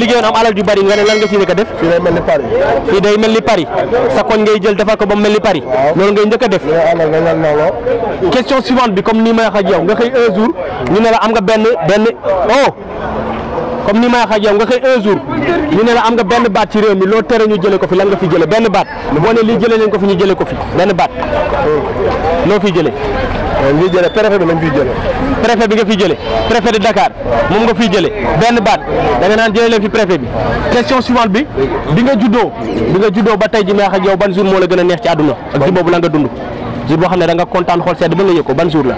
liggéeyoon am alal ju bari nga lan nga ci njëkk a def fii day mel ni Paris fii day mel ni Paris sa koñ ngay jël dafa ko ba mu mel ni Paris loolu ngay njëkk a def question suivante bi comme ni may wax ak yow nga xëy un jour ñu ne la am nga benn benn oh comme nii may wax ak nga xëy un jour ñu ne la am nga benn baat ci réew mi loo tere ñu jële ko fi lan nga fi jële benn baat boo ne lii jële leen ko fi ñu jële ko fi benn baat hmm. loo fi jële ñu ngi jëlee bi lañ fiy jëlee préfet bi nga fiy jëlee préfet de Dakar moom nga fiy jële benn baat da nga naan jëlee leen fi préfet bi question suivante bi bi nga juddoo bi nga juddoo ba tey ji may wax ak yow ban jour moo la gën a neex ci àdduna ak jour boobu la nga dund jour boo xam ne da nga kontaan xool sedd ba nga yëg ko ban jour la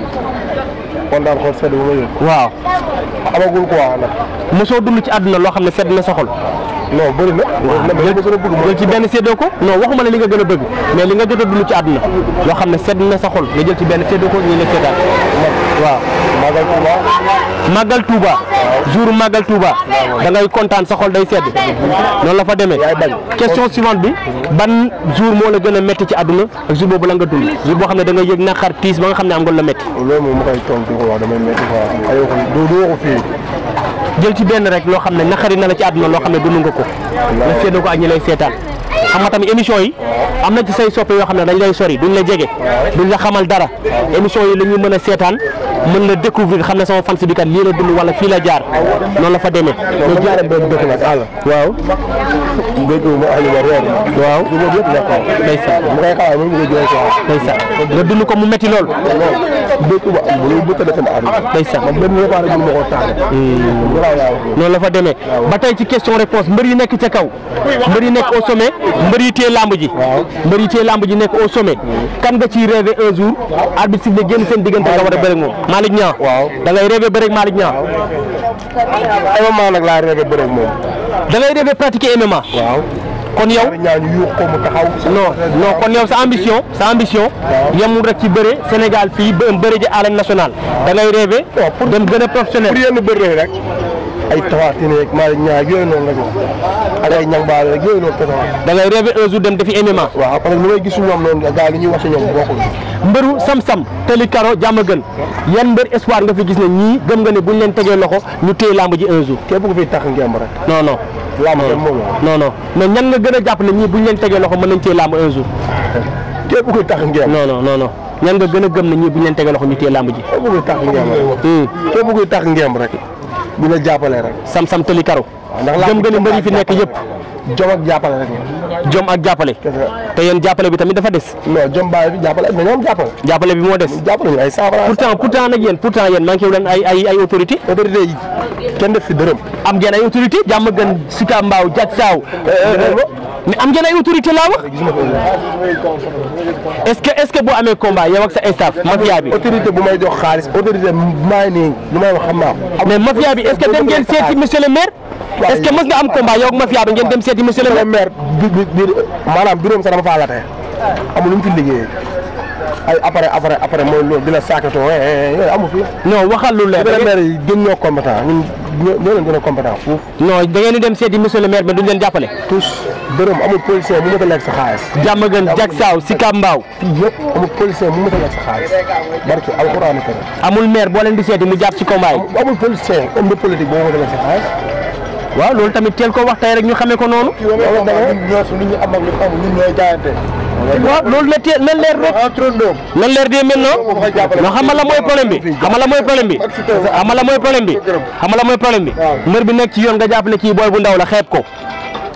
kontaan xool sedd ba nga yëg waaw amagul quoi nag mosoo dund ci àdduna loo xam ne sedd na sa xol non bëri na. jël ci benn séddoo ko non waxuma la li nga gën a bëgg mais li nga jot a dund ci àdduna loo xam ne sedd na sa xol nga jël ci benn séddoo ko ñu la séddaat waaw. Magal Touba. Magal Touba. jour Magal Touba. da ngay kontaan sa xol day sedd. noonu la fa demee. question suivante bi. ban jour moo la gën a métti ci àdduna ak jour boobu la nga dund jour boo xam ne da nga yëg naqar tiis ba nga xam ne am nga la métti. loolu moom ma koy tontu ko wax damay métti jël ci benn rek loo xam ne na naqari na la ci àdduna loo xam ne dund nga ko nga séddoo ko ak ñi lay seetaan xam nga tamit émission yi oh. am na ci say soppe yoo xam ne dañ lay sori duñ la jege oh. duñ la xamal dara oh. émission yi la ñuy mën a seetaan mën la découvrir xam ne sama fan si bi kat lii la dund wala fii la jaar la fa demee mais jaare boobu dëkk nag àll waaw dëkk bu alima reer waaw du boobu yëpp nekk day sax mu koy xaar mu nga dund ko mu metti lool dëkk bu am lu bëgg def na am day sax man benn réparé bu ma ko taale hmm. noonu la fa demee ba tey ci question réponse mbër yi nekk ca kaw mbër yi nekk au sommet mbër yi téye ji mbër yi téye ji nekk au sommet kan nga ciy rêvé un jour arbitre siffle génn seen diggante nga war a bëre moom Malick Niang da ngay rêvé bëre ak Malick Niang MMA moom da ngay rêvé pratiquer MMA kon yow non non kon yow sa ambition sa ambition yemul rek ci bëre Sénégal fii ba bëre ji arène nationale da ngay rêvé dem gën a professionnel pour yenn bëre rek ay tawaatine yeeg maa ngi ñaar yooyu noonu waaw parce que gis si ñoom noonu gars yi li ñuy wax si ñoom bokkul. mbëru sam-sam teli karo jàmm gën yan mbër espoir nga fi gis ne ñii gëm nga ne buñ leen tegee loxo ñu téye lamb ji un jour. képp ku fi tax ngemb rek. non non. ñan nga gën a jàpp ne ñii leen tegee loxo mën nañ téye lamb un jour. képp ku tax ngemb. non non non ñan nga gën a gëm ne ñii buñ leen tegee loxo ñu téye lamb ji. képp ku tax ngemb rek. Hmm. képp rek. dina jàppale rek. sam sam tëli karo. ndax gëm gën a mbëri fi nekk yëpp. jom ak jàppale rek la. jom ak jàppale. te yéen jàppale bi tamit dafa des. non jom baa bi jàppale mais ñoom jàppale. jàppale bi moo des. jàppale ñu ay saafara. pourtant pourtant nag yéen pourtant yéen manqué wu leen ay ay ay autorité autorité yi kenn def si dërëm. am ngeen ay autorité jàmm gën Sika Mbao Diak Saaw. Eh, eh, euh, eh. mais am ngeen ay autorité laa wax. est-ce que ce que boo amee combat yow ak sa staff mafia bi. autorité bu may jox xaalis autorité maa ngi nii lu may wax xam naa mais mafia bi est-ce que dem ngeen seeti monsieur le maire. est-ce que mës nga am combat yow ak mafia bi ngeen dem seeti monsieur le maire bi bi maanaam biroom sax dama faa late amul lu mu fi liggéeyee ay après après après mooy loolu dina saakato eh, eh, eh, yooyu amu fi non waxal lu leer maire yi gën ñoo compétent ñun ñoo leen gën a compétent foofu non da ngeen di dem seeti monsieur le maire mais duñ leen jàppale tous bërëm amul policier mu mën a lekk sa xaalis jàmm gën jak saaw si kambaaw yëpp amul policier mu mën a lekk sa xaalis barki alxuraan amul maire boo leen di seeti mu jàpp ci combat yi amul policier homme de politique boo mën a lekk sa xaalis waaw loolu tamit teel ko wax tey rek ñu xamee ko noonu. waaw loolu la teel na leer rek ah, na leer de maintenant non na la mooy problème bi xamal la mooy problème bi xamal la mooy problème bi xamal la mooy problème bi ah. mbër bi nekk ci yoon nga jàpp ne kii booy bu ndaw la xeet ko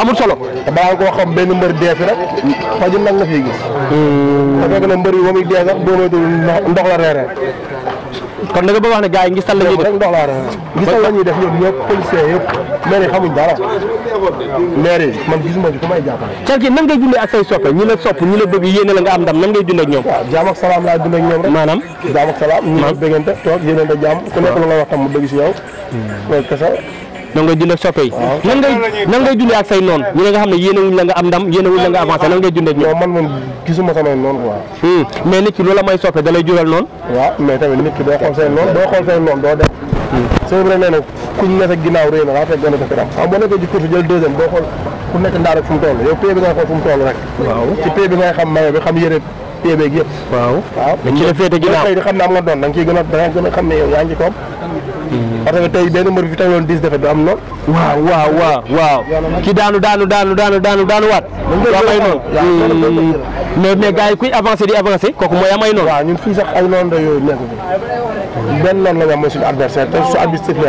amul solo te balaa nga xam benn mbër dee fi rek faju nag nga fiy gis. Hmm. te na mbër yi ba muy dee sax boo ndox la reeree. kon da nga wax ne gaa yi ngi la ñuy def ndox la reeree ngistal def ñoom ñëpp policiers yëpp maire yi xamuñ dara maire yi man gisuma ci ku may jàppale. car gi nan ngay say soppe ñi la sopp ñi la bëgg yéene la nga am ndam na ngay dundee ak ñoom. waaw jaam ak salaam laay dundee ak ñoom rek. maanaam jaam ak salaam. ñu ngi bëggante toog yéenante jaam ku nekk la nga wax tam mu dëgg si yow. Hmm. loolu kese nan ngay dund ak soppe yi nan ngay nan ngay dundee ak say noon ñu ne nga xam ne yéene wuñ la nga am ndam yéene wuñ la nga avancé nan ngay ak hmm. say noon doo hmm. ne sa a def am xam boo nekkee ci la féete am nga doon da gën a da nga gën a xam ne yaa ngi koom parce que tey benn mbër fi teg loon dix defe du am noonu. waaw waaw waaw waaw ki daanu daanu daanu daanu daanu daanu waat. waaw ay noonu hmm. mais mais gars yi kuy avancé di avancé kooku mooy am ay noonu. waaw ñun sax ay noonu la yooyu nekk benn noonu la ñu am mooy suñu adversaire te su arbitre sifflé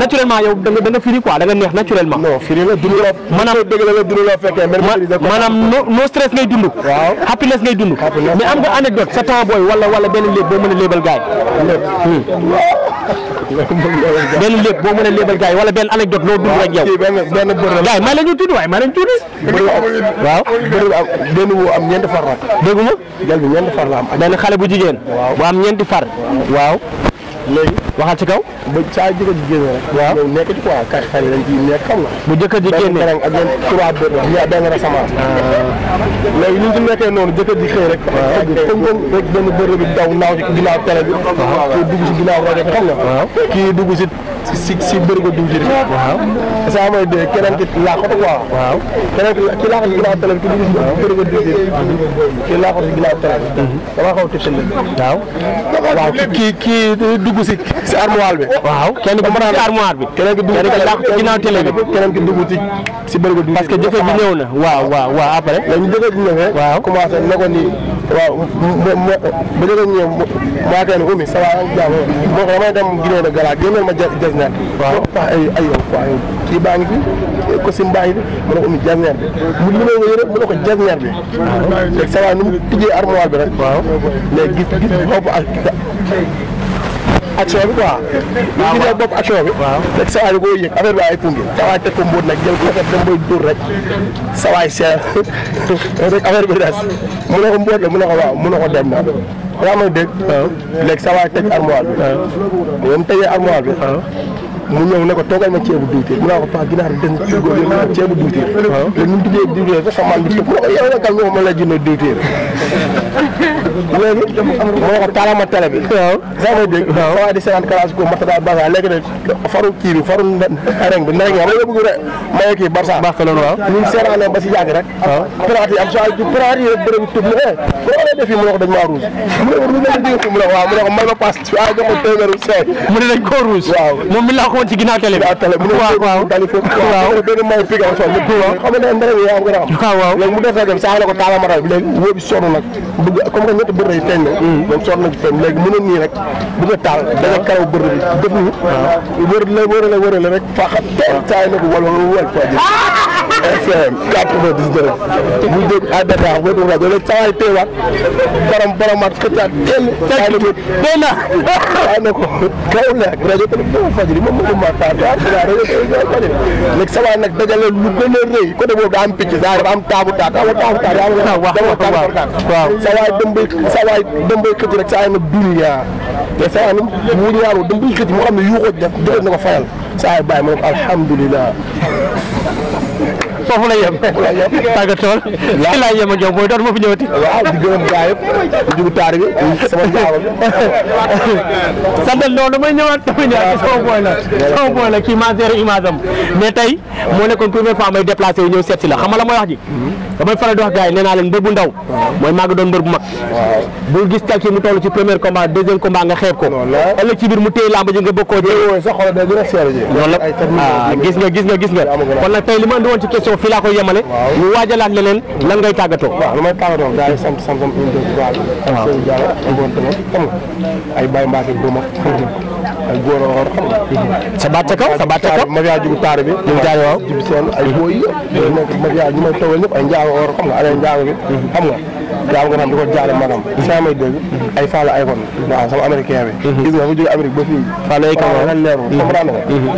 naturellement yow da nga da nga firi quoi da nga neex naturellement. non firi no no stress ngay dund. happiness ngay dund. mais am nga anecdote sa temps booy wala wala benn léeb boo mën a léebal gars hmm. benn léeb boo mën a léebal gars yi wala benn anecdote loo dund rek yow. benn benn bërëb la gars yi maa leen waaye maa leen tudd. waaw bërëb benn la. dégg nga. jël bi ñeenti xale bu jigéen. waaw bu am ñeenti far. waaw. léegi waxaat ci kaw ba saa jëkkër ji génne rek waaw nekk ci quoi kay xale dañ ciy nekk xam nga bu jëkkër ji génne benn ak benn trois bët ñaa benn rasamaa ah. léegi ñu ci nekkee noonu jëkkër ji xëy rek tënkoon rek benn bërëb bi daw naaw ci ginnaaw télé bi kii dugg si ginnaaw rajo bi xam nga kii dugg si si si si bërigo diwtiir bi. waaw est-ce que mooy de keneen ki laaxut quoi. waaw keneen ki ki di gis bërigo diwtiir ki laaxut si mhm. a waaw. waaw kii kii dugg si si armoire bi. waaw kenn ku mën a armoire bi. keneen ki dugg si laaxut ginnaaw bi. keneen ki dugg si si bërigo diwtiir bi. parce que jëfe bi ñëw na waaw waaw waaw après. léegi jëfe bi waaw commencé na nii. waaw ba léegi ñëw maa koy ne umi ça va jàmm damay dem Guinée de Gala génneel ma jas neer waaw ay ay yow waaw kii baa ngi fi ko sim ngi fi mu ne umi jas bi mu li may nga yëre mu ne ko jas bi léegi ça va nu tijjee armoire bi rek waaw léegi gis gis bopp ak action bi waaw waaw ñu bopp action bi. waaw rek sa waay boo yëg affaire bi ay pungi sa teg ko mbóot nag jël ko fekk dem bay dóor rek sa seer rek affaire mu ne ko mbóot la mu ne ko waaw mu a ko dem na. yaa may dégg. waaw léegi sa waay teg armoire bi. mu ñëw ne ko toogal ma ceebu diwtiir mu ne ko paa ginaar dégg nga góor yi ma ceebu diwtiir. mun léegi ñu duggee diwtiir bi sa man bi tëb mu ne ko yow nag kan nga diwtiir. léegi moo ko taalama télé bi waaw saa may dégg sa waay di seetaan classe ko Matadal Barça léegi nag faru kii bi faru reng bi ndereng am nga bëgg rek maye kii Barça Barcelone waaw ñun seetaanee ba si yàgg rek piraat yi am saa yu piraat yi rek bëri tub mu e bu la eh. def yi mu ne ko dañ maa rouge mu ne ko rouge la dégg ko mu ne ko waaw mu ne ko may ma paas waaw jox ma téeméeru seet mu ne dañ koo rouge waaw moom mi laa ko woon ci ginnaaw télé bi télé mu ne waaw dali foofu waaw benn may pig am sol mu xam ne ndereng yi am nga xam waaw léegi mu def rek saa la ko taalama télé bi léegi wóobi sonn nag bëgg comme que ñetti bër yi feeñ na la soot na ci feeñ léegi mënoon nii a bu nga taal ah. da nga karaw bër bi def nii ah. wër la wër la wër la rek faaxat teel taay na ko wal wal wal FM 99 mu jóg à Dakar ba Touba doo leen sawaay teewaat borom boromaat xëccaat kenn saa ne ko kaw nag rajo télévision Fadjri ma a rëy côté am taabu taa daa am taabu taa daa am taabu taa waaw sawaay dëmbay sawaay dëmbay na duniyaa te saa ni mu ñaaroo dëmbay xëcc mu xam ne yuuxoo def joxe na fayal saa bàyyi ma ne alhamdulilah foofu la yem tàggat tool fi laa yem ak yow booy dootuma fi ñëwati waaw di gërëm gaa yëpp di jugu taar bi sama ñaawal santal damay ñëwaat damay ñëwaat sama booy la sama kii maa géré image am mais tey moo nekkoon première fois may déplacé ñëw seet si la xam nga la mooy wax ji hmm. damay faral di wax gaa nee naa leen mbër bu ndaw mooy mag doon mbër bu mag bul gis kal ki mu toll ci premier combat deuxième combat nga xeeb ko ëllëg ci biir mu téye làmb ji nga bëgg koo jël loolu la ah, gis nga gis nga gis nga kon nag tey li ko fii laa koy yemale ñu waajalaat leneen lan ngay tàggatoo waaw lu may tàggatoo daal di sant santam indi daal ak Seydou Diallo ak Mbonte ay Baye Mbacke Gouma ay góor a war xam nga. sa baat ca kaw sa baat ca kaw mafia jugu taar bi. ñu jaay waaw jibi seen ay booy yëpp. ñu nekk mafia ñu may toogal ñëpp ay njaago or xam nga ay njaago bi. xam nga jaaw nga xam di ko jaale maanaam. Mhm. saa may dégg ay Fallou Iphone. waaw sama américain bi. Mhm. gis nga fu jóge Amérique ba fii. Fallou ay kaw waaw lan leerul. comprendre nga. Mhm.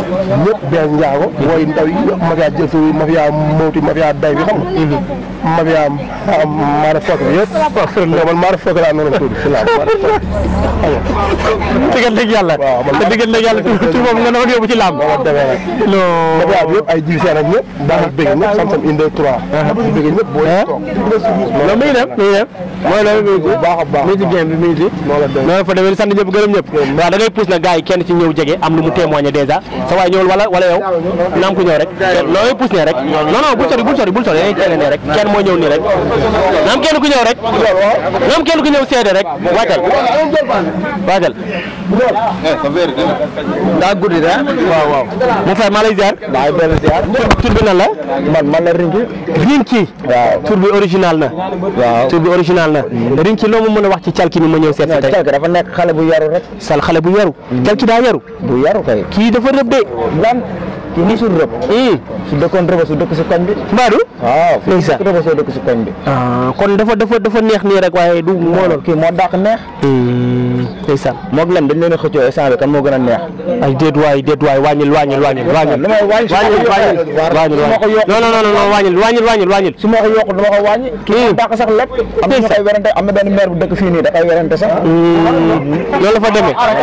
ñëpp benn njaago. booy ndaw yi yëpp mafia jëf mafia mawti mafia day bi xam nga. mafia maara fokk bi yëpp. waaw man maara fokk laa noonu tuuti si laa maara fokk. xam nga. dëgg yàlla. te diggante ak mooy loolu bu baax a baax mi ngi ci game bi mi ngi ci. noonu fa demee jege am lu mu témoigné dèjà. sa waay ñëwul wala wala yow. naam ko ñëw rek. looy pousse ne rek. non non bul sori bul sori bul sori dañuy teel ne rek kenn moo ñëw nii rek. naam kenn ku ñëw rek. naam kenn ku ñëw seede rek waatal waatal daa guddi de waaw waaw mo fay ma maa ngi benn ziar tur bi la man man la Rinki Rinki waaw tur bi original na waaw tur bi original na mm. Rinki loo ma mën a wax ci calki ni ma ñëw seet tey calki dafa nekk xale bu yaru rek sal xale bu yaru mm. calki daa yaru bu yaru kay kii dafa rëb de lan kii musul rëb mm. su dëkkoon rëba su dëkk si koñ bi mbaadu waaw fii rëba soo dëkk si koñ bi ah, kon dafa dafa dafa neex waaye du moo lool kii moo dàq neex ndeysaan moog lem dañ leen a xëccoo instant bi kan moo gën a neex ay déet waay déet waay wàññil wàññil wàññil wàññil wàññil wàññil non non non non wàññil wàññil wàññil wàññil su ma ko yokku dama ko wàññi mm. kii baax sax lépp am na koy werante bu dëkk fii nii da koy werante sax mm. loolu la fa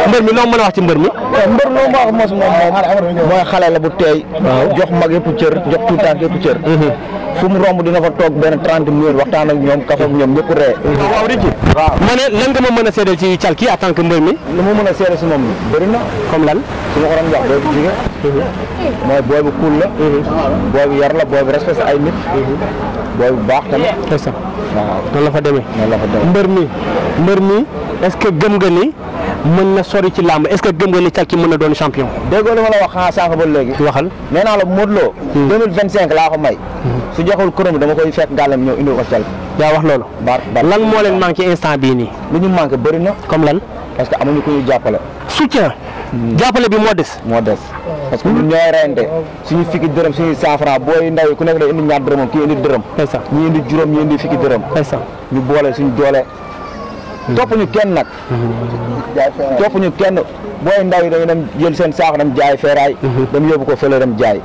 mbër mi loo mën a wax ci mbër mi eh, mbër loo ma wax mos moom moom mooy xale la bu teey jox mag yëpp cër jox tuutànk yëpp cër mm-hmm. fu mu romb dina fa toog benn trente minutes waxtaan ak ñoom kafa ñoom ñëpp ree waaw Ricky ma mën a seedal ci Thialki en tant que mbër mi lu mu mën a seedal si moom bëri na comme lan su ma ko doon wax boobu jigéen mm-hmm. mooy booy bu cool la mm-hmm. booy bu yar la booy bu respecté ay nit mm-hmm. booy bu baax tamit waaw noonu la fa demee noonu la fa demee mbër mi mbër mi est-ce que gëm nga ni mën na sori ci làmb est-ce que gëm nga ni Calki mën na doon champion. déggoo li ma la wax xanaa saako ba léegi. waxal nee la Modou hmm. laa ko may. Hmm. su joxul kuréel dama koy fekk gàllam ñëw indil ko Calki. yaa wax loolu. lan moo leen manqué instant bii nii. lu ñu manqué bëri na. comme lan. parce que amuñu ku ñu jàppale. su soutien. Hmm. jàppale bi moo des. moo des parce que ñun ñooy reyante suñu fikki dërëm suñu saafara booy ndaw ku nekk day indi ñaar dërëm kii indi dërëm. ñii indi juróom dërëm. ñu boole suñu doole topp ñu kenn nag topp kenn booy ndaw yi dañu dem jël seen saako dem jaay feeraay dem yóbbu ko fële dem jaay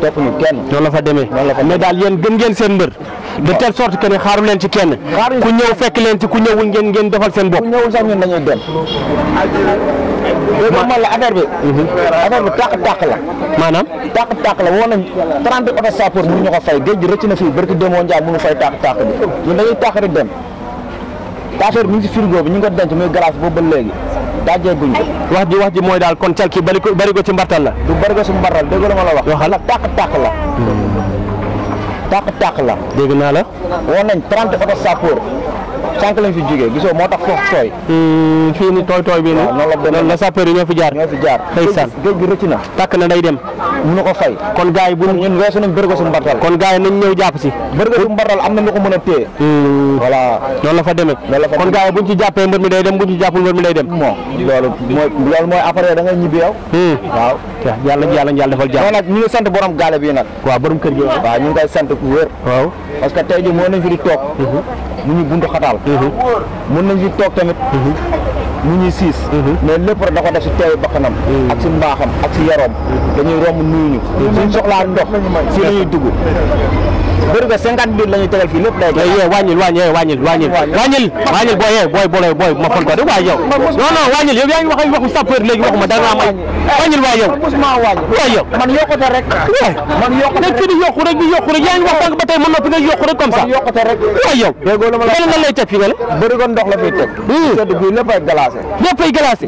topp ñu kenn noonu la fa demee mais daal yéen gën ngeen seen mbër de telle sorte que ne xaaru leen ci kenn ku ñëw fekk leen ci ku ñëwul ngeen ngeen defal seen bopp ku ñëwul sax ñun dañuy dem léegi man la affaire bi. Mhm. affaire bi tàq tàq la. maanaam. tàq tàq la woon nañ trente oto sapeur mënuñu ko fay géej gi rëcc na fii barki demoo Ndiaye mënu fay tàq tàq bi ñun dañuy tàq rek dem. te affaire bi mu ngi si frigo bi ñu ngi ko muy glace boobu léegi dajee guñ ko wax ji wax ji mooy daal kon cal ki bari ko bari ko ci mbartal la du bari ko ci mbartal dégg la ma la wax waxal tàq tàq la hmm. tàq tàq la dégg naa la woon nañ trente oto sapeur sànq lañ fi jógee gisoo moo tax foofu tooy. Hmm, fii ni tooy tooy bi nii. waaw noonu la sapeur ñoo fi jaar. ñoo fi jaar na. tàkk na day dem. ko fay. kon gars bu ñun weesu nañ bërëgo mbartal. kon gars yi nañ jàpp si. bërëgo mbartal am na ñu ko mën a téye. Hmm. noonu la fa demee. kon gars yi buñ ci jàppee mbër mi day dem buñ ci jàppul mbër mi day dem. loolu mooy loolu mooy ñibbi yow. Hmm. waaw yàlla yàlla yàlla defal jàmm. non nag ñu ngi sant borom gaale bi nag. waaw mu ñu buntu xataal mën nañ fi toog tamit uhuh. mu ñuy siis uhuh. mais lépp rek da ko def si teewu bakkanam uhuh. ak si mbaaxam ak si yaroom dañuy romb nuyu ñu suñ soxlaa ndox si lañuy dugg bëri nga cinquante mille la ñuy tegal fii lépp day yee wàññil wàññil wàññil wàññil wàññil wàññil booy yee booy booy booy bu ma fon ko de waay yow non non wàññil yow yaa ngi wax ay waxu sapeur léegi waxuma da nga am ay wàññil waay yow waay yow man yokkute rek man yokkute rek kii di yokku rek di yokku rek yaa ngi wax tànk ba tey mën noppi nga yokku rek comme ça yokkute rek waay yow bëri nga lay teg fii nga la bëri ko ndox la fiy teg sedd bi lépp ay glacé lépp ay glacé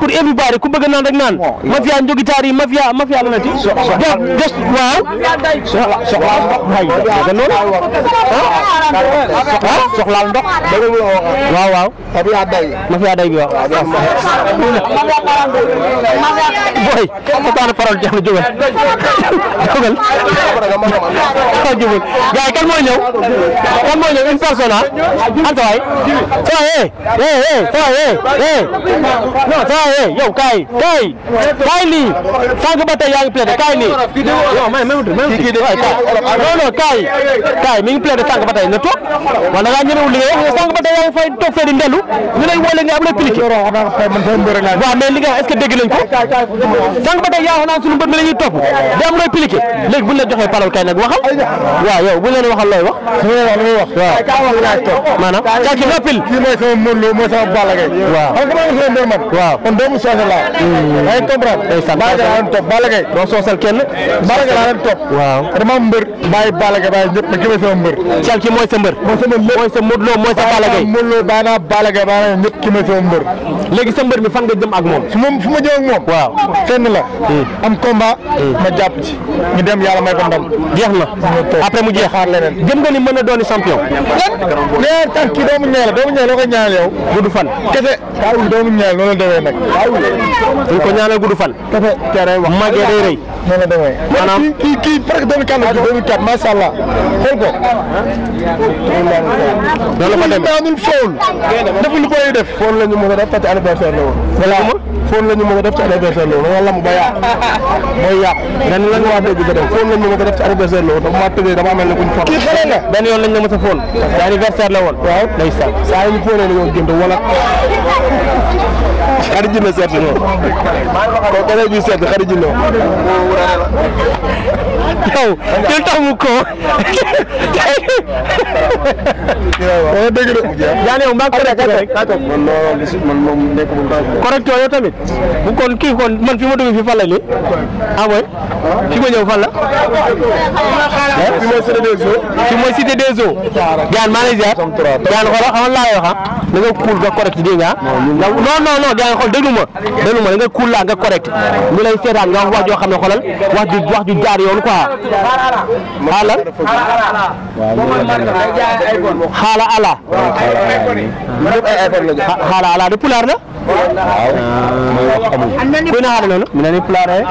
pour everybody ku bëgg naan rek naan mafia njogitaar yi mafia mafia la na ci waaw soxla soxla ganun? Ha? Ha? Sok lang dok. Wow wow. Tapi aday. Masih aday ba? Boy, kata na parang diyan jugal. Jugal. Jugal. Gay kan mo nyo? Kan mo nyo in person ha? Anto ay? Sa eh. Eh eh. Sa eh. Eh. No, sa eh. Yo kai. Kai. Kai ni. Sa ko ba tayo ang plate? Kai ni. Yo, may may. Kiki de. No, no. kaay kaay mi ngi plaidé sànq ba tey na toog wala ngaa ñemewul li ngay wax sànq ba tey yaa ngi fay toog fee di ndelu ñu lay woo nga am lay piqué waaw mais li nga dégg nañ ko sànq ba naan suñu mbër mi la ñuy topp di am lay piqué léegi bu ñu la joxee parole kay nag waxal waaw yow bu ñu leen waxal looy wax su ma leen wax li may wax waaw maanaam caa ki rappel kii mooy sama Modou Lo mooy sama Balla Gaye waaw kon doomu soosal laa hmm. yaa ngi comprendre Balla Gaye laa leen topp ma gëmee sama mbër. Thiel ci mooy sa mbër. mooy sa mbër lépp mooy sa Modou Lo mooy sa Balla Gaye. Modou Lo bàyyi naa Balla Gaye bàyyi naa ñëpp gëmee sama mbër. léegi sa mbër mi fan nga jëm ak moom. su ma fu ma jëm ak moom. waaw la. Hmm. am combat. Hmm. ma jàpp ci ñu dem yàlla may ko ndam. jeex na après mu jeex xaar leneen. gëm nga ni mën na doon champion. lan nee tax kii doomu ñaareel doomu demee nag. kaawul duñ ko ñaanal gudd fan. kese demee. maanaam kii yàlla xool ko. loolu la fa demee daanul foon. dafa lu koy def. foon la ñu mën a def parce que anniversaire la woon. voilà foon la ñu mën a def ci anniversaire la woon dama lam ba yàq mooy yàq. la ñu mën a def ci anniversaire la woon dama maa tëggee dama mel ne ku ñu foon. kii xale na benn yoon lañ la mos a foon. anniversaire la woon. waaw day sànq saa yu ñu foonee la ñu wala. xari jinne seet no ko ko lay bi seet xari jinne yow lu tax mu ko oo dëgg de yaane yow mbaa correct rek man man moom nekk bu correct yow tamit bu kon kii kon man fi ma dugg fi fan la ni ah mooy fi ma ñëw fan la eh? Eh? fi mooy cité des eaux fi mooy cité des eaux gaan maa lay ziar gaan xoolal xamal laa yoo xam da nga cool nga correct dégg nga non non non nga xool déglu ma déglu ma da nga cool la nga correct ñu lay seetaan nga wax wax joo xoolal wax ju jaar yoon quoi xaala xaala ala xaala ala de pulaar la waaw mooy wax xamul kuy naxaale noonu mi nani pulaar e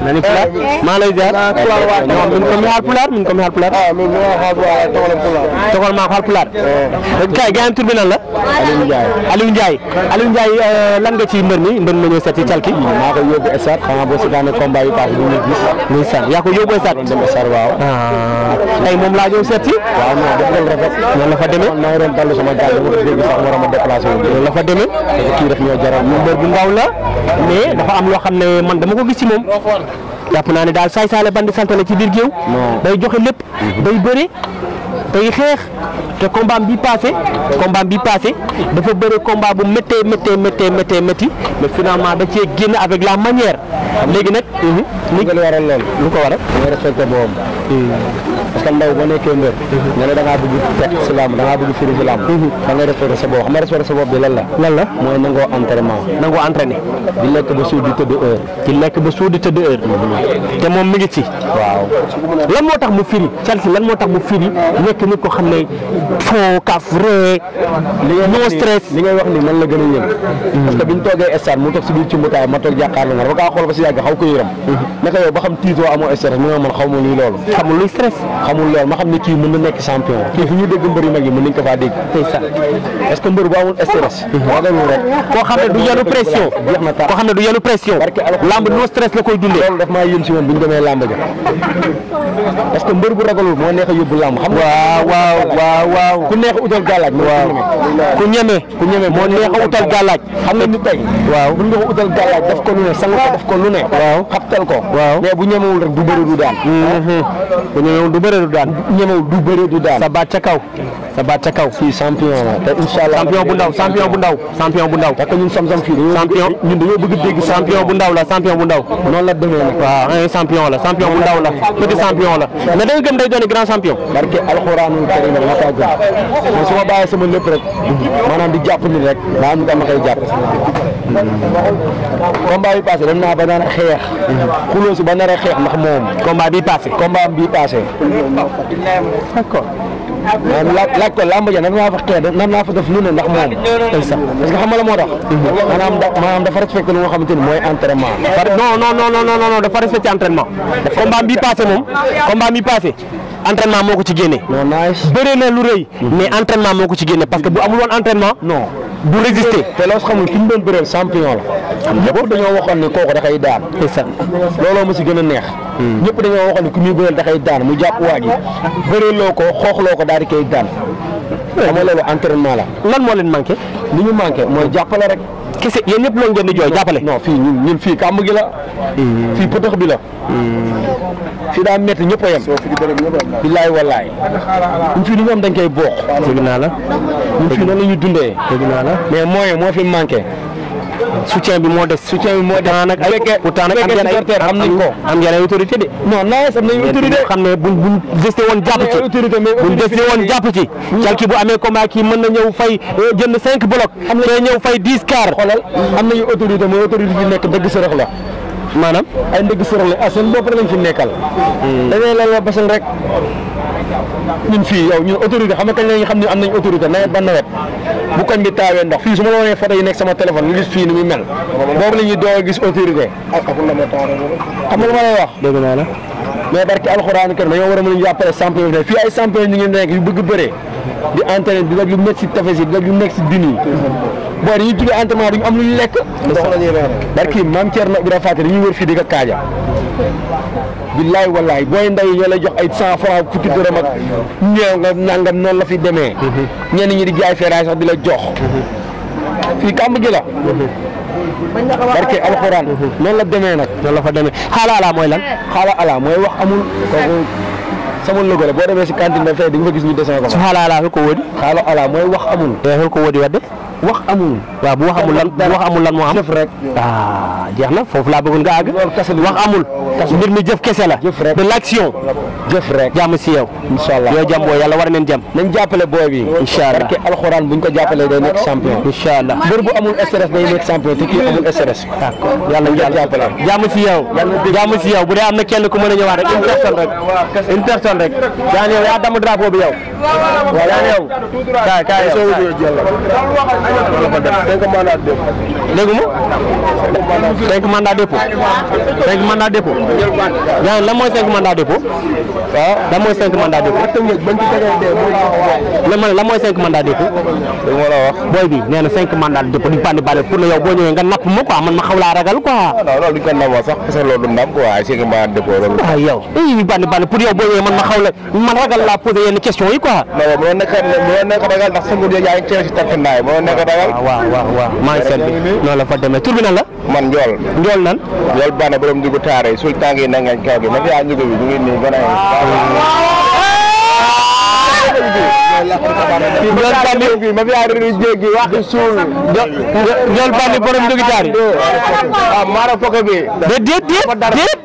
mi nani pulaar maa lay ziar min mi xaal mi xaal pulaar togol maa xaal pulaar kay gaayam tur bi nan la eh, waaye lan nga ci mbër mi mbër mi ñëw seet ci calki maa ko yóbbu esat xanaa boo seetaanee combat yi paase bi ñuy gis muy sat yaa ko yóbbu esat dem esat waaw ah. tey moom laa ñëw seet si la fa demee naa a kii daf ñoo jaral ñu mbër bu ndaw la mais dafa am loo xam ne man dama ko gis ci moom jàpp naa ne daal saay saale bandi santale ci biir géew day joxe lépp mm-hmm. day bëre tey combat passé combat passé combat bu mettez, mettez, mais finalement avec la manière parce que ndaw ba nekkee mbër nga ne da ngaa bëgg teg si da ngaa bëgg firi si lamb da mhm. ngay respecté sa bopp xam nga respecté sa bopp bi lan la lan la mooy nangoo entraînement nangoo entraîné di lekk ba suur di heure di lekk ba suur di tëdd heure mhm. te moom mi ngi ci waaw lan moo mu firi Chelsea lan moo mu firi nekk nit ko xam ne foo kaf ree non stress li ngay wax ni man la gën mhm. parce que biñ mu si biir ci mbutaay ma toog jàkkaarloo nga ba kaa ba xaw ko yëram naka yow ba xam tiitoo amoo stress mu ne man xaw ma stress Makam lool ma xam champion fu ñu dégg mag yi ko dégg est ce bu amul stress stress la koy daf woon lamb ja bu ragalul lamb xam waaw waaw waaw ku neex utal waaw ku ku utal xam nga waaw bëre du daan ñemew du bëre du daan sa baat kaw sa baat kaw fii champion la te inshallah champion bu ndaw champion bu ndaw champion bu ndaw parce ñun sam-sam champion ñun dañoo bëgg dégg champion bu ndaw la champion bu ndaw la un champion la champion bu ndaw la petit champion la mais da nga gëm day doon grand champion barke alxuraanul karim ma kaa gëm man su ma sama lépp rek maanaam di jàpp ni rek maa am dama koy jàpp combat bi passé dem naa ba nar a mhm. ba ndax combat bi passé combat bi passé d'accord laaj laaj ko làmb ja nan fa xeex nan laa fa def lu ne ndax moom tey parce que xam nga la moo tax maanaam dafa respecté lu nga xamante ni mooy entraînement non non non non non dafa respecté entraînement combat bi passé moom combat bi passé entraînement moo ko ci génne bëree na lu rëy mhm. mais entraînement moo ko ci génne parce que bu amul woon entraînement non du résister te loos xamul ki mu doon bëreel yoon la d'abord dañoo waxoon ne kooku dafay daan looloo ma si gën a neex hmm. ñëpp dañoo waxoon ne ki muy bëreel dafay daan mu jàpp waa ji bëreeloo ko xooxloo ko daa di koy daan xam nga loolu entraînement la lan moo leen manqué li ñu manqué moo jàppale rek kese yéen ñëpp loolu ngeen di jooy jàppale. non fii ñun ñun fii kàmb gi la. Hmm. fii pëtëx bi la. Hmm. fii daa métti ñëpp a yem. billaay wallaay. ñun fii lu ñu am dañ koy boox. naa la ñun fii noonu la dundee. dégg naa la mais moyen moo fi manqué. soutien bi moo des soutien bi moo des nag ay pourtant de non naes am nañ autorité xam ne buñ buñ gesté woon jàpp amee combat mën na ñëw fay euh, jënd cinq bloc te ñëw fay dix car xoolal am nañu autorité mooy autorité nekk dëgg sërëx la maanaam ay ndëgg sërale ah seen bopp lañ fi nekkal hmm. dañuy lal la basan rek ñun fii yow ñun autorité xam nga kañ lañu xam ne am nañ autorité nawet ba nawet bu koñ bi taawee ndox fii su ma la wanee photo yi nekk sama téléphone nga gis fii ni muy mel boobu la ñuy doog gis autorité xam nga lu ma lay wax dégg naa la mais barki alxuraan kër dañoo war a mën a jàppale champion yi fii ay champion ñu nekk yu bëgg bëree di entraîné di daj lu nekk si tafes yi di daj lu nekk si din boy dañuy jugé entraînement duñu am luñu lekk ndox la ñuy reere barki mam cerno ibra faté dañuy wër fi di ka kaaja billahi wallahi boy nday ñoo lay jox ay 100 francs fukki dërëm ak ñew nga nangam non la fi démé ñen ñi di jaay ferage sax di la jox fi kamb gi la barke alquran non la démé nak non la fa démé xala ala moy lan xala ala moy wax amul sama logo la bo démé ci cantine da fay di nga gis ñu dessiner ko xala ko wodi xala moy wax amul da eh, ko wodi wadde wax amul. waaw bu wax amul lan bu wax amul lan moo am jëf rek. ah jeex na foofu laa bëggoon nga àgg. wax amul. mbir mi jëf kese la. jëf rek de l'action. jëf rek jàmm si yow. incha allah yow jàmm booy yàlla war nañ jàmm. nañ jàppale booy bi. incha allah parce que alxuraan buñ ko jàppalee day nekk champion. incha allah mbir bu amul stress day nekk champion te kii amul stress. d'accord yàlla nga jàppale. jàmm si yow. jàmm si yow bu dee am na kenn ku mën a ñëwaat rek une personne rek. une personne rek. yaa ngi yow yaa damm drapeau bi yow voilà yow. kaay kaay yow kaay cinq mandat dépôt. dégg nga. cinq mandat dépôt. cinq mandat dépôt. yaa lan mooy cinq mandat dépôt. la lan mooy cinq mandat dépôt. lan mooy lan mooy cinq mandat dépôt. dégg nga la wax. booy bi nee cinq mandat dépôt di bandi pour ne yow boo ñëwee nga napp ma quoi man ma xaw laa ragal quoi. non loolu duñ ko namoo sax parce loolu du ndam quoi ay cinq mandat dépôt pour yow boo ñëwee man ma xaw la man ragal laa poser yenn question yi quoi. quoi. non mënoon nekk mënoon nekk ragal ndax sa nguur yaa ngi teew si tarkindaay mënoon ah, la fa demee tur man Ndiol. Ndiol nan. Ndiol Bane borom njugu taare sul tàng yi nangañ kaw gi ma fi yaa njugu bi ñu ngi nii gën a. jël ma fi ay jéggi waxi suul. jël bandi borom dugg taari. waaw ah, maara fokk bi. déet déet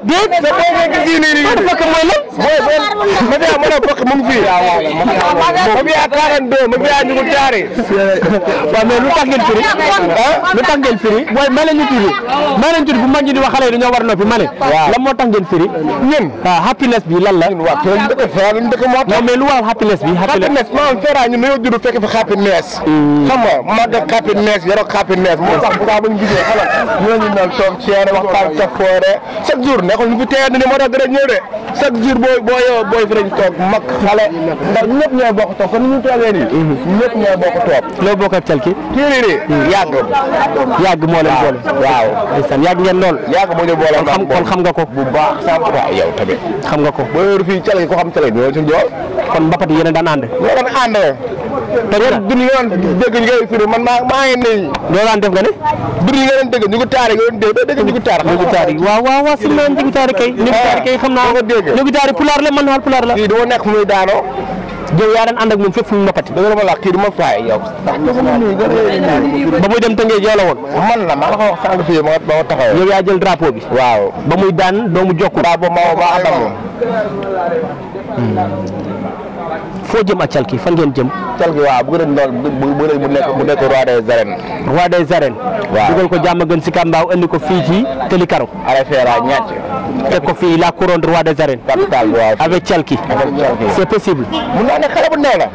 déet déet. sa boobu gis nii nii. fokk mooy lan. ma fi mën a fokk mu ngi fii. ma fi ay 42 ma fi ay dugg taari. waaw mais lu tax ngeen firi. lu tax ngeen firi. booy ma leen ñu tudd. ma leen tudd bu mag ñi di wax xale yi dañoo war noppi ma ne. waaw lan moo tax ngeen firi. ñun. waaw ah, happiness bi lan la. waaw kër dëkk faa dëkk moo tax. non mais lu waral happiness bi happiness. maanaam feeraay ñun dañoo judd fekk fi xaapit mees xam nga màgg ak xaapit mees yoroo xaapit mees moo tax bu saa buñ gisee xala ñoo ñu naan toog ceene waxtaan ca foore chaque jour nekkul ñu fi teewe ni moo tax gën a ñëw de chaque jour boo boo yow booy fi lañ toog mag xale ndax ñëpp ñoo bokk toog kon ñu toogee nii ñëpp ñoo bokk toog loo bokk ak calki kiiriiri yàgg yàgg moo leen boole ah, waaw ndeysaan yàgg ngeen lool yàgg moo ñu boole kon xam nga ko bu baax sa waaw yow tamit xam nga ko boo yor fii calki ko xam calki ñoo ci jool kon mbapat yéen a daan ànd àndoo te ñoom dund nga doon dégg ñu koy firi man maa maa ngi nii doo daan def nga ne dund nga doon dégg ñu ko taar nga doon dégg doo dégg ñu ko taar ñu ko taar waaw waaw waaw si naan ñu ko taar kay ñu ko taar kay xam naa eh, ñu ko taar pulaar la man naal pulaar la kii dama nekk muy daanoo yow yaa daan ànd ak moom fépp fu mu noppati da nga ma laax kii du ma faay yow ba muy dem tëngee yow la woon man la maa la ko wax sànq fii ma ma taxaw yow yaa jël drapeau bi waaw ba muy daan doomu jokkul drapeau ma ma ànd ak moom foo jëm ak calki fan ngeen jëm. calki waaw bu gën a doon mu nekk mu nekk roi des arènes. roi des arènes. waaw dugal ko jàmm gën si kàmbaaw indi ko fii ci Tëli Karo. Arafeera ñàcc. teg ko fii la couronne roi des arènes. avec calki. c'est possible. mun naa ne bu nee la.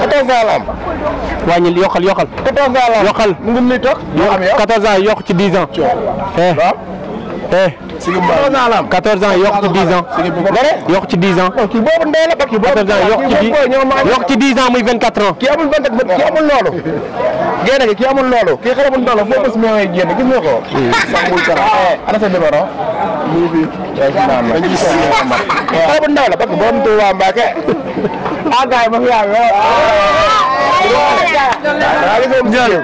quatorze ans la am. yokkal yokkal. quatorze ans yokkal. yokkal quatorze ans yokk ci dix ans. Eh. waaw. eh. Sigi Mbaye 14 ans yokk ci 10 ans. yokk ci 10 ans. kii boobu ndey la kii boobu 14 ans yokk ci 10 yokk ci 10 ans muy 24 ans. kii amul 24 kii amul loolu. génn gi kii amul loolu. kii xale bu ndaw la foo ko si ñëwee génn gis nga ko. sax muy kara ana sa numéro. muy bi. xale bu ndaw la parce que boo am tuuti waa Mbacke. ah gars yi ma fi yaay ñool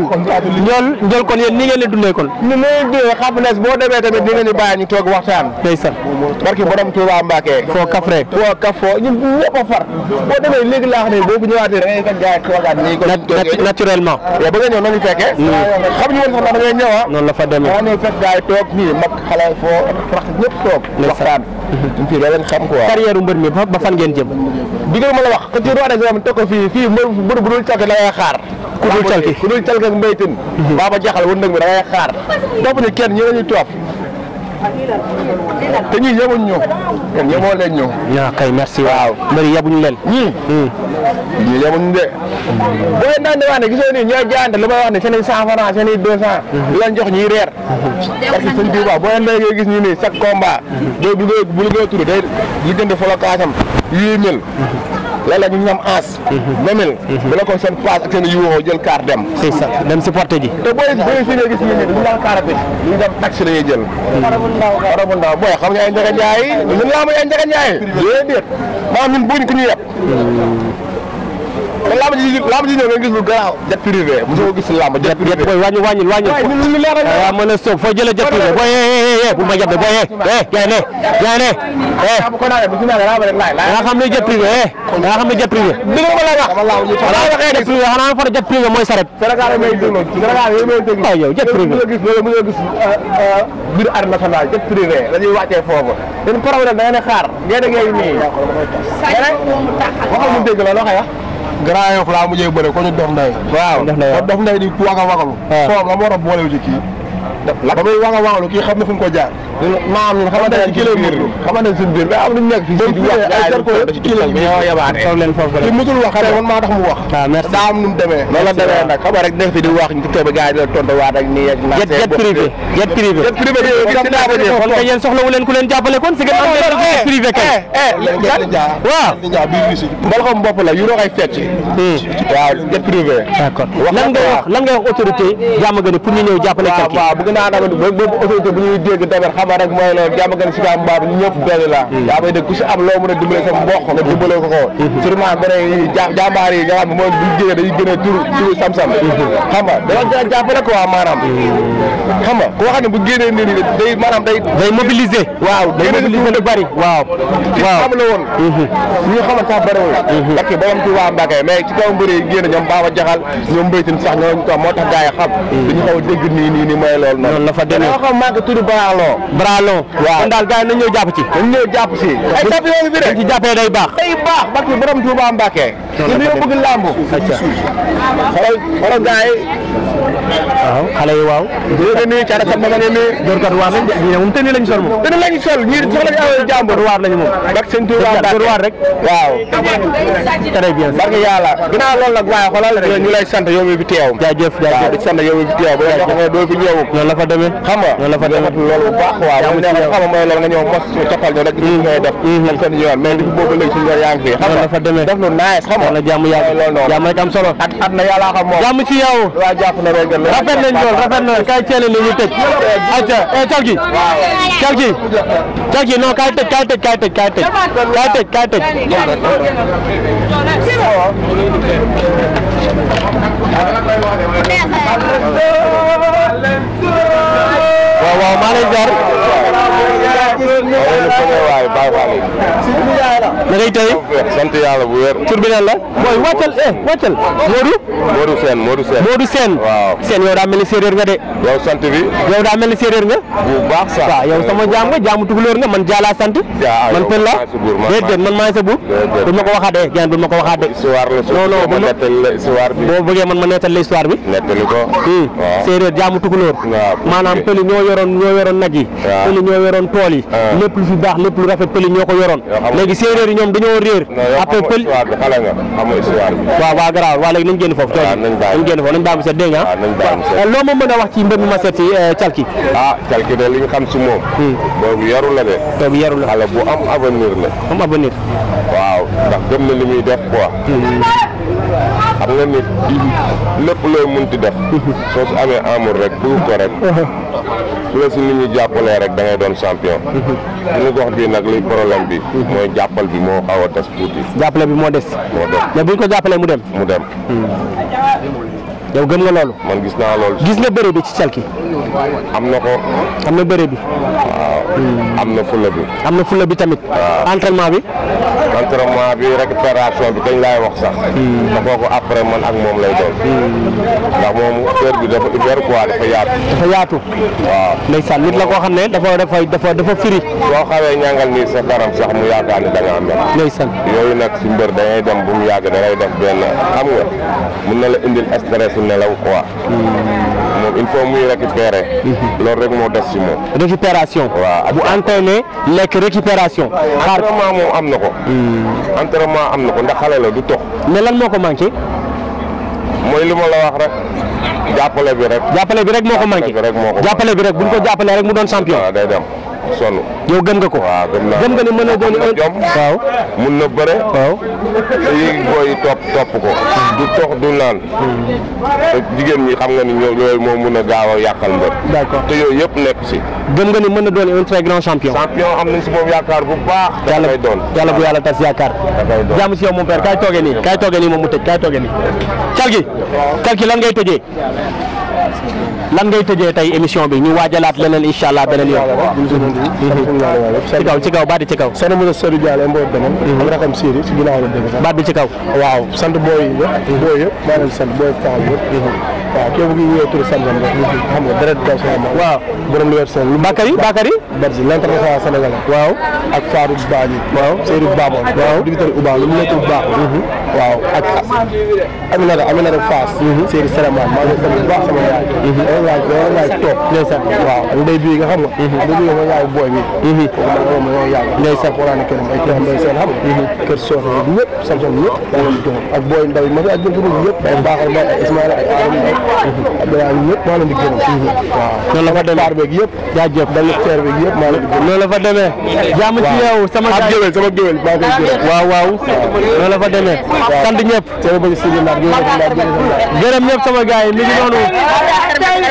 ñool ñool kon yéen ni ngeen di dundee kon ni ngeen di dundee xam ne boo demee tamit ni ngeen di bàyyi ñu toog waxtaan ndeysaan barki borom Touba Mbacké foo kaf rek foo kaf foo ñun ñëpp a far boo demee léegi laa xam ne boo fi ñëwaatee da ngay ko jaay toogaat nii ko naturellement yow ba nga ñëw nañu fekkee hmm. xam ñu woon sax da ngay ñëw ah noonu la fa demee waa ñëw fekk gars yi toog nii mag xale foo far ñëpp toog waxtaan ñu fi da leen xam quoi carrière mbër mi ba fan ngeen jëm di nga ma la wax ko ci roi des hommes toog ko fii fii mbër yow mbër bu dul calke da ngay xaar ku dul calke ku dul calke ak mbaytin mhm. baaba jaxal woon nag mi da ngay ni kenn ñi lañuy toog te ñii yemuñ ñu kon yemoo leen ñu yaa kay merci waaw mbëri yebuñu leen ñii hmm. ñii yemuñ de hmm. bu ngeen daan demee ne gisoo nii ñooy jaayante li may wax ne i cent hmm. di leen jox ñuy reer parce que sëñ Tuuba boo leen léegi gis ñu nii chaque combat day bu bu lu yii mel léeg-léeg ñu am ans. memel. Mhm. bu mhm. la ko seen paas ak seen i jël kaar dem. c'est ça dem supporter ji. te booy booy fi nga gis ñu ne bu ñu ñu dem mhm. xam nga ay njëkk a jaay ñun laa am ay njëkk a jaay. déedéet maanaam ñu yeb. lamb ji lamb ji ñëw nga gis lu garaaw jet privé mu soo gis lamb jet privé booy wàññil wàññil wàññil waaw ah, mën a soob foo jëlee jet privé booy eh eh, eh, eh bu ma jabe booy eh eh gay ne gay ne eh nga eh, xam ne jet privé eh nga xam ne jet privé dëgg ma la wax wala waxee jet privé xanaa fa jet privé mooy saret Sénégal may déglu Sénégal yow may déglu ay yow jet privé mu gis loolu mu gis euh, euh, biir arène nationale jet privé la ñuy wàccee foofu yéen problème da ngeen xaar ngeen ngay nii waxal mu dégg la loo xay wax Grand Yoff laa mujjee bëre ko ñu dof nday waaw dof nday di waka wakalu ah. soom la moo tax boolewu ci kii ba muy wanga wangalu kii xam na fu mu ko jaar maam ñun xamante ne kii lañ mën xamante ne suñu biir mais am nañu nekk fii si wax ay cercle da ci kii lañ ñoo yabaate toog leen foofu ci musul wax man maa tax mu wax waaw ah, merci daa am nu mu demee noonu la demee nag xam nga rek def fi di wax ñu tukkee ba gars yi di la tontu waat ak nii ak naaj jet privé jet privé jet privé kon kay yéen soxlawu leen ku leen jàppale kon si gën am leen jet eh, privé kay eh, eh, waaw bal hmm. xam bopp la yu rox ay fecc hmm. waaw jet privé d'accord lan nga wax lan nga wax autorité jàmm gën pour ñu ñëw jàppale kii naa tamit ba bépp autorité bu ñuy dégg tamit xam rek mooy loolu jàmm gan si kaam mbaab ñu ñëpp benn la yaa may dégg ku si am loo mën a dimbale sa mbokk nga dimbale ko ko sûrement gone yi jàmbaar yi nga xam ne mooy bu ñu jógee dañuy gën a tur suñu sam-sam xam nga dama jàppale ko waa maanaam xam nga koo xam ne bu génnee nit ñi day maanaam day day mobiliser waaw day mobiliser lu bari waaw waaw mhm. xam mhm. moo tax gars yi xam mhm. dañu xaw a nii nii mooy loolu noonu la fa demee da nga xam manqué tudd bralon bralon waaw kon daal gars yi nañ ñëw jàpp ci dañ ñëw jàpp si ay champion bi rek ci jàppee day baax day baax barki borom Touba Mbacké ñu ñoo bëgg làmb xoolal xoolal gars yi waaw xale yi waaw dina ni ci araka ma ngene ni doorkat waar lañ ñi moom tëni lañ sol moom tëni lañ sol ñi sax lañ awé jàmbur waar lañ moom barki seen Touba Mbacké waar rek waaw très bien barki yàlla ginnaaw loolu nag waaye xoolal ñu lay sant yow mi fi teew jaajëf jaajëf di sant yow mi fi teew ba nga doo fi ñëw noonu la fa demee xam nga noonu la fa demee loolu bu baax waaw bu neexee xam nga mooy loolu nga ñëw mos ñu toppal ñu rek gis ngay def man mm-hmm. seen yoon mais depuis boobu léegi suñu yoon yaa ngi fi xam nga la fa demee def lu nice xam nga jàmm yàgg loolu noonu jàmm rek am solo at at na yàlla xam moom jàmm ci yow waaw jàpp na rek gën rafet nañ lool rafet na kay ceele li ñu tëj acca eh calki calki calki non kay tëj kay tëj kay tëj kay tëj kay tëj kay tëj Let's go! Let's go! waaw waaw maa lay jaar waaye bu wér tur bi nan la mooy eh wàccal Modou Modou sen. Modou sen. Modou sen. waaw Sène yow daa mel ni nga de yow sant bi yow daa nga bu baax sax yow sama Jam nga jaamu tukulóor nga man jaalaa sant man pël la déedéet man maa sa buur bu ma ko de gën bu ma ko de histoire la non non ma nettal la bi boo bëggee man ma nettal la bi yoroon ñoo yoroon nag yi pëli ñoo yoroon tool yi lépp lu fi baax lépp lu rafet pëli ñoo ko yoroon léegi séeréer yi ñoom dañoo réer après pël waaw waaw garaaw waaw léegi nañ génn foofu tool nañ baax bu set dégg nga eh, loo ma mën a wax ci mbër ma seet si eh, calki ah, calki de li ñu xam si moom hmm. boobu yaru la de boobu yaru la xale bu am avenir la am avenir waaw ndax gëm na li muy def quoi hmm. xam nga nit lépp looy munti def soo si amee amour rek bëgg ko rek su la si nit ñi jàppalee rek da ngay doon champion suñu gox bii nag liy problème bi mooy jàppal bi moo xaw a des tuuti jàppale bi moo des moo des mais buñ ko jàppalee mu dem mu dem hmm. yow gëm nga loolu man gis naa loolu gis nga bëri bi ci calki am na ko. am na bëre bi. waaw am na fula bi. am na fula bi tamit. waaw entraînement bi. entraînement bi récupération bi kañ laay wax sax. da hmm. kooku après man ak moom lay doon. Hmm. ndax moom kër bi dafa ouvert quoi dafa yaatu. dafa yaatu. nit la koo xam ne dafa dafa dafa dafa firi. soo xawee ñàngal nii sa karam sax mu yaakaar ne da ngaa mel. ndeysaan yooyu nag si mbër dangay dem bu mu yàgg dangay def benn xam nga mun na la indil stress nelaw quoi. Hmm. moom il faut muy récupérer mhm. loolu rek moo des ci moom récupération waaw bu entraîné lekk récupération entraînement moom am na ko hmm. entraînement am na ko ndax xale la du tox mais lan moo ko manqué mooy li ma la wax rek jàppale bi rek jàppale bi rek moo ko manqué jàppale bi rek buñ ko jàppale rek mu doon champion ah, day dem sonn. yow gëm nga ko. waaw gëm naa gëm nga ni mën na doon jom waaw mun na bëre. waaw te yi booy topp topp ko. du tox du naan. Hmm. te jigéen ñi xam nga ni ñoo yooyu moo mun a gaaw a yàqal mbër. d'accord te yooyu yëpp nekk si. gëm nga ni mën na doon un très grand champion. champion am nañ si moom yaakaar bu baax. da koy doon yàlla bu yàlla tas yaakaar. da koy doon jàmm si yow moom père kaay nii kaay toogee nii moom mu tëj kaay toogee nii. cal gi cal ngay tëjee. lan ngay tëjee tey émission bi ñu waajalaat leneen incha allah beneen yoon. ci kaw ci kaw baat bi ci kaw. sëñ Moussa Seydou Diallo Mbow Beneen. Mhm. ak baat bi ci kaw. waaw sant booy yëpp. Mhm. booy yëpp maa leen sant booy Paa yëpp. Mhm. waaw képp ku ñëwee tur Sam Sam rek xam nga dara daw sama mag. waaw borom Liberté 5. Bakary Bakary. Berzi l'international sénégalais. waaw ak Fatou Badji. waaw Seydou Babon. waaw Dimitri Uba lu mu nekk Uba. Mhm. waaw ak Aminata Aminata Fass. Mhm. Seydou Salama maa ngi leen di baax sama yaay. dama laaj dama laaj toog. ndeysaan waaw ak ndey bii nga xam nga. Mhm. ndey bii nga yaay booy bi. kooku man moom moo yàgg. ndeysaan xoolaa ne kër ay toog ndey seen xam nga. kër Soofe ñëpp Sam Sam ñëpp. ak booy ndaw yi ma fi ak jënd yëpp ay baaxal mooy ay Ismaïla ay Adama Abdoulaye ñëpp maa leen di gërëm. waaw noonu la fa demee baar beeg yëpp. jaajëf dañu seer beeg yëpp maa leen di gërëm. noonu la fa demee. jàmm ci yow sama gaay géwél sama géwél maa koy si naat gërëm ñëpp sama gaay yi mi ngi noonu.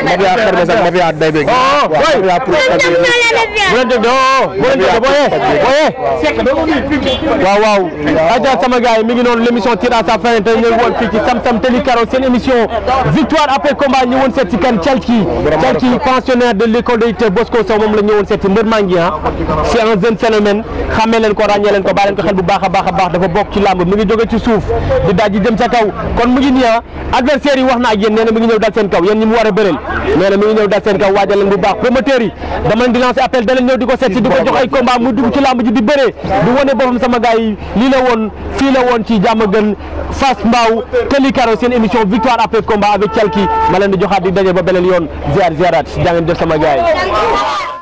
mafia ferme sax mafia day beeg. Oh, mafia pour bu leen dégg doo bu leen dégg booyee sa fin tey ñu woon Sam Sam Teli Karo seen émission victoire après combat ñëwoon seet si kan Thialki Thialki pensionnaire de l'école de lutte Bosco Sow moom la ñëwoon seet si mbër maa ngi ah. c'est un jeune phénomène xamé leen ko rañé leen ko bàyyi leen ko xel bu baax a baax dafa bok ci lamb mi ngi jóge ci souf di daaj di jëm ca kaw kon mu ngi nii ah adversaire yi wax na ak yéen nee mi ngi ñew dal sen kaw yeen ñi mu wara a néna nee mi ngi ñew dal sen kaw waajal leen bu baax promoteur yi dama leen di lancer appel dalen leen diko setti diko jox ay combat mu dugg ci lamb ji di bëree du woné boppam sama gaay yi lii la won fi la won ci jamagan gën Fass Mbao sen émission victoire après combat avec kii ma leen di joxaat di daje ba beneen yoon ziar ziaraat jaa ngeen def sama gars yi